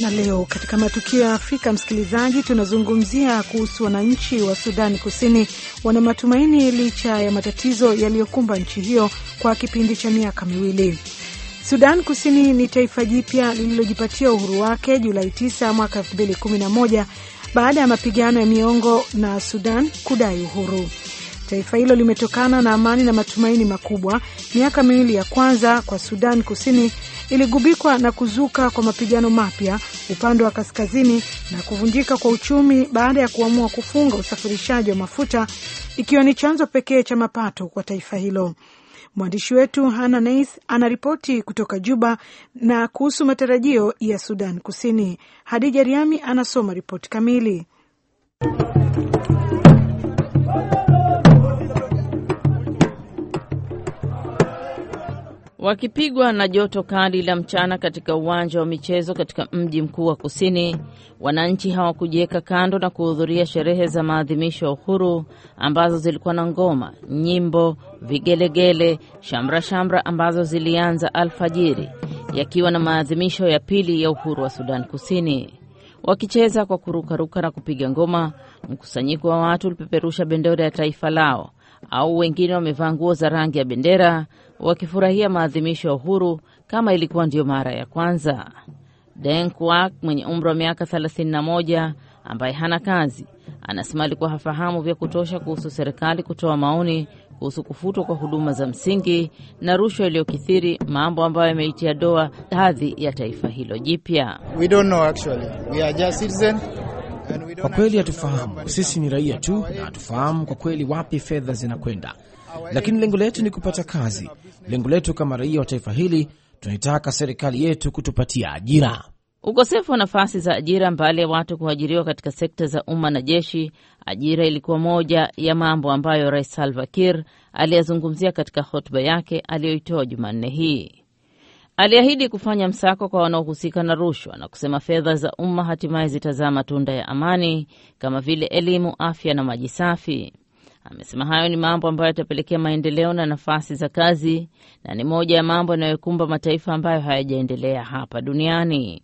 Na leo katika matukio ya Afrika, msikilizaji, tunazungumzia kuhusu wananchi wa Sudani Kusini wana matumaini licha ya matatizo yaliyokumba nchi hiyo kwa kipindi cha miaka miwili. Sudan Kusini ni taifa jipya lililojipatia uhuru wake Julai 9 mwaka 2011 baada ya mapigano ya miongo na Sudan kudai uhuru. Taifa hilo limetokana na amani na matumaini makubwa. Miaka miwili ya kwanza kwa Sudan Kusini iligubikwa na kuzuka kwa mapigano mapya upande wa kaskazini na kuvunjika kwa uchumi baada ya kuamua kufunga usafirishaji wa mafuta, ikiwa ni chanzo pekee cha mapato kwa taifa hilo. Mwandishi wetu Hana Neis anaripoti kutoka Juba na kuhusu matarajio ya Sudan Kusini. Hadija Riami anasoma ripoti kamili. Wakipigwa na joto kali la mchana katika uwanja wa michezo katika mji mkuu wa Kusini, wananchi hawakujiweka kando na kuhudhuria sherehe za maadhimisho ya uhuru ambazo zilikuwa na ngoma, nyimbo, vigelegele, shamra shamra ambazo zilianza alfajiri, yakiwa na maadhimisho ya pili ya uhuru wa Sudan Kusini. Wakicheza kwa kurukaruka na kupiga ngoma, mkusanyiko wa watu ulipeperusha bendera ya taifa lao au wengine wamevaa nguo za rangi ya bendera wakifurahia maadhimisho ya uhuru kama ilikuwa ndiyo mara ya kwanza. Deng mwenye umri wa miaka 31 ambaye hana kazi anasema alikuwa hafahamu vya kutosha kuhusu serikali kutoa maoni kuhusu kufutwa kwa huduma za msingi na rushwa iliyokithiri, mambo ambayo yameitia doa hadhi ya taifa hilo jipya. Kwa kweli hatufahamu, sisi ni raia tu na hatufahamu kwa kweli wapi fedha zinakwenda, lakini lengo letu ni kupata kazi. Lengo letu kama raia wa taifa hili, tunaitaka serikali yetu kutupatia ajira. Ukosefu wa nafasi za ajira, mbali ya watu kuajiriwa katika sekta za umma na jeshi, ajira ilikuwa moja ya mambo ambayo Rais Salva Kiir aliyazungumzia katika hotuba yake aliyoitoa Jumanne hii. Aliahidi kufanya msako kwa wanaohusika na rushwa na kusema fedha za umma hatimaye zitazaa matunda ya amani kama vile elimu, afya na maji safi. Amesema hayo ni mambo ambayo yatapelekea maendeleo na nafasi za kazi na ni moja ya mambo yanayokumba mataifa ambayo hayajaendelea hapa duniani.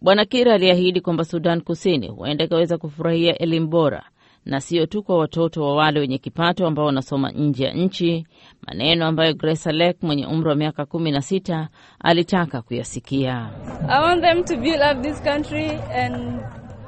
Bwana Kira aliahidi kwamba Sudan Kusini huenda ikaweza kufurahia elimu bora na siyo tu kwa watoto wa wale wenye kipato ambao wanasoma nje ya nchi, maneno ambayo Grace Lake mwenye umri wa miaka 16 alitaka kuyasikia. I want them to this country and...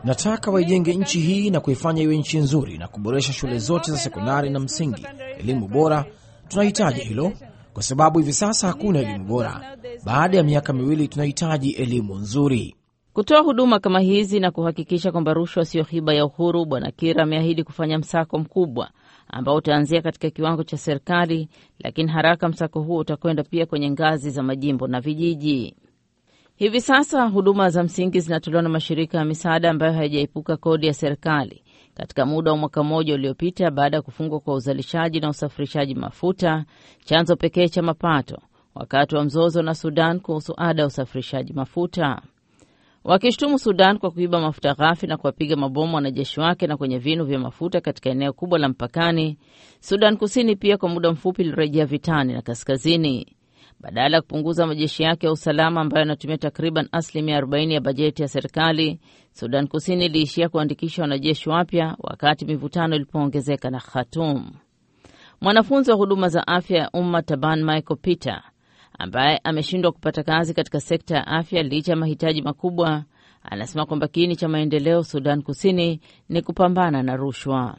nataka waijenge nchi hii na kuifanya iwe nchi nzuri na kuboresha shule zote za sekondari na msingi, elimu bora. Tunahitaji hilo kwa sababu hivi sasa hakuna elimu bora. Baada ya miaka miwili tunahitaji elimu nzuri kutoa huduma kama hizi na kuhakikisha kwamba rushwa siyo hiba ya uhuru. Bwana Kira ameahidi kufanya msako mkubwa ambao utaanzia katika kiwango cha serikali, lakini haraka msako huo utakwenda pia kwenye ngazi za majimbo na vijiji. Hivi sasa huduma za msingi zinatolewa na mashirika ya misaada ambayo hayajaepuka kodi ya serikali katika muda wa mwaka mmoja uliopita, baada ya kufungwa kwa uzalishaji na usafirishaji mafuta, chanzo pekee cha mapato, wakati wa mzozo na Sudan kuhusu ada ya usafirishaji mafuta wakishtumu Sudan kwa kuiba mafuta ghafi na kuwapiga mabomu wanajeshi wake na kwenye vinu vya mafuta katika eneo kubwa la mpakani. Sudan Kusini pia kwa muda mfupi ilirejea vitani na kaskazini badala ya kupunguza majeshi yake ya usalama ambayo yanatumia takriban asilimia 40 ya bajeti ya serikali. Sudan Kusini iliishia kuandikisha wanajeshi wapya wakati mivutano ilipoongezeka na Khartoum. Mwanafunzi wa huduma za afya ya umma Taban Michael Peter ambaye ameshindwa kupata kazi katika sekta ya afya licha ya mahitaji makubwa, anasema kwamba kiini cha maendeleo Sudan Kusini ni kupambana na rushwa.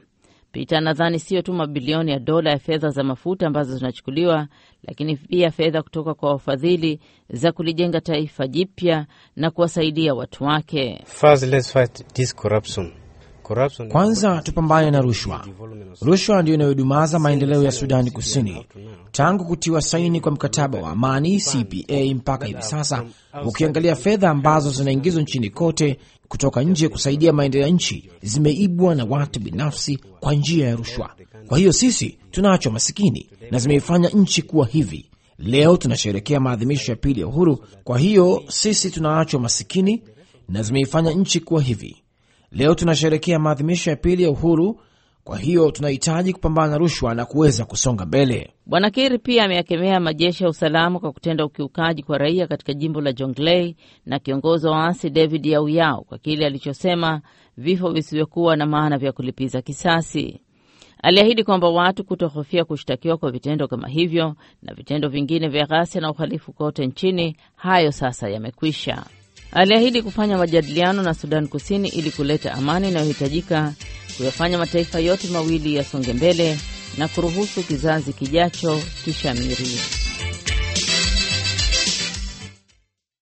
Peter anadhani siyo tu mabilioni ya dola ya fedha za mafuta ambazo zinachukuliwa, lakini pia fedha kutoka kwa wafadhili za kulijenga taifa jipya na kuwasaidia watu wake. First, let's fight this corruption. Kwanza tupambane na rushwa. Rushwa ndiyo inayodumaza maendeleo ya Sudani Kusini. Tangu kutiwa saini kwa mkataba wa amani CPA mpaka hivi sasa, ukiangalia fedha ambazo zinaingizwa nchini kote kutoka nje kusaidia maendeleo ya nchi zimeibwa na watu binafsi kwa njia ya rushwa. Kwa hiyo sisi tunaachwa masikini na zimeifanya nchi kuwa hivi. Leo tunasherekea maadhimisho ya pili ya uhuru. Kwa hiyo sisi tunaachwa masikini na zimeifanya nchi kuwa hivi. Leo tunasherekea maadhimisho ya pili ya uhuru, kwa hiyo tunahitaji kupambana na rushwa na kuweza kusonga mbele. Bwana Kiri pia ameyakemea majeshi ya usalama kwa kutenda ukiukaji kwa raia katika jimbo la Jonglei na kiongozi wa waasi David Yauyao kwa kile alichosema vifo visivyokuwa na maana vya kulipiza kisasi. Aliahidi kwamba watu kutohofia kushtakiwa kwa vitendo kama hivyo na vitendo vingine vya ghasia na uhalifu kote nchini. Hayo sasa yamekwisha aliahidi kufanya majadiliano na Sudan Kusini ili kuleta amani inayohitajika kuyafanya mataifa yote mawili yasonge mbele na kuruhusu kizazi kijacho kishamiri.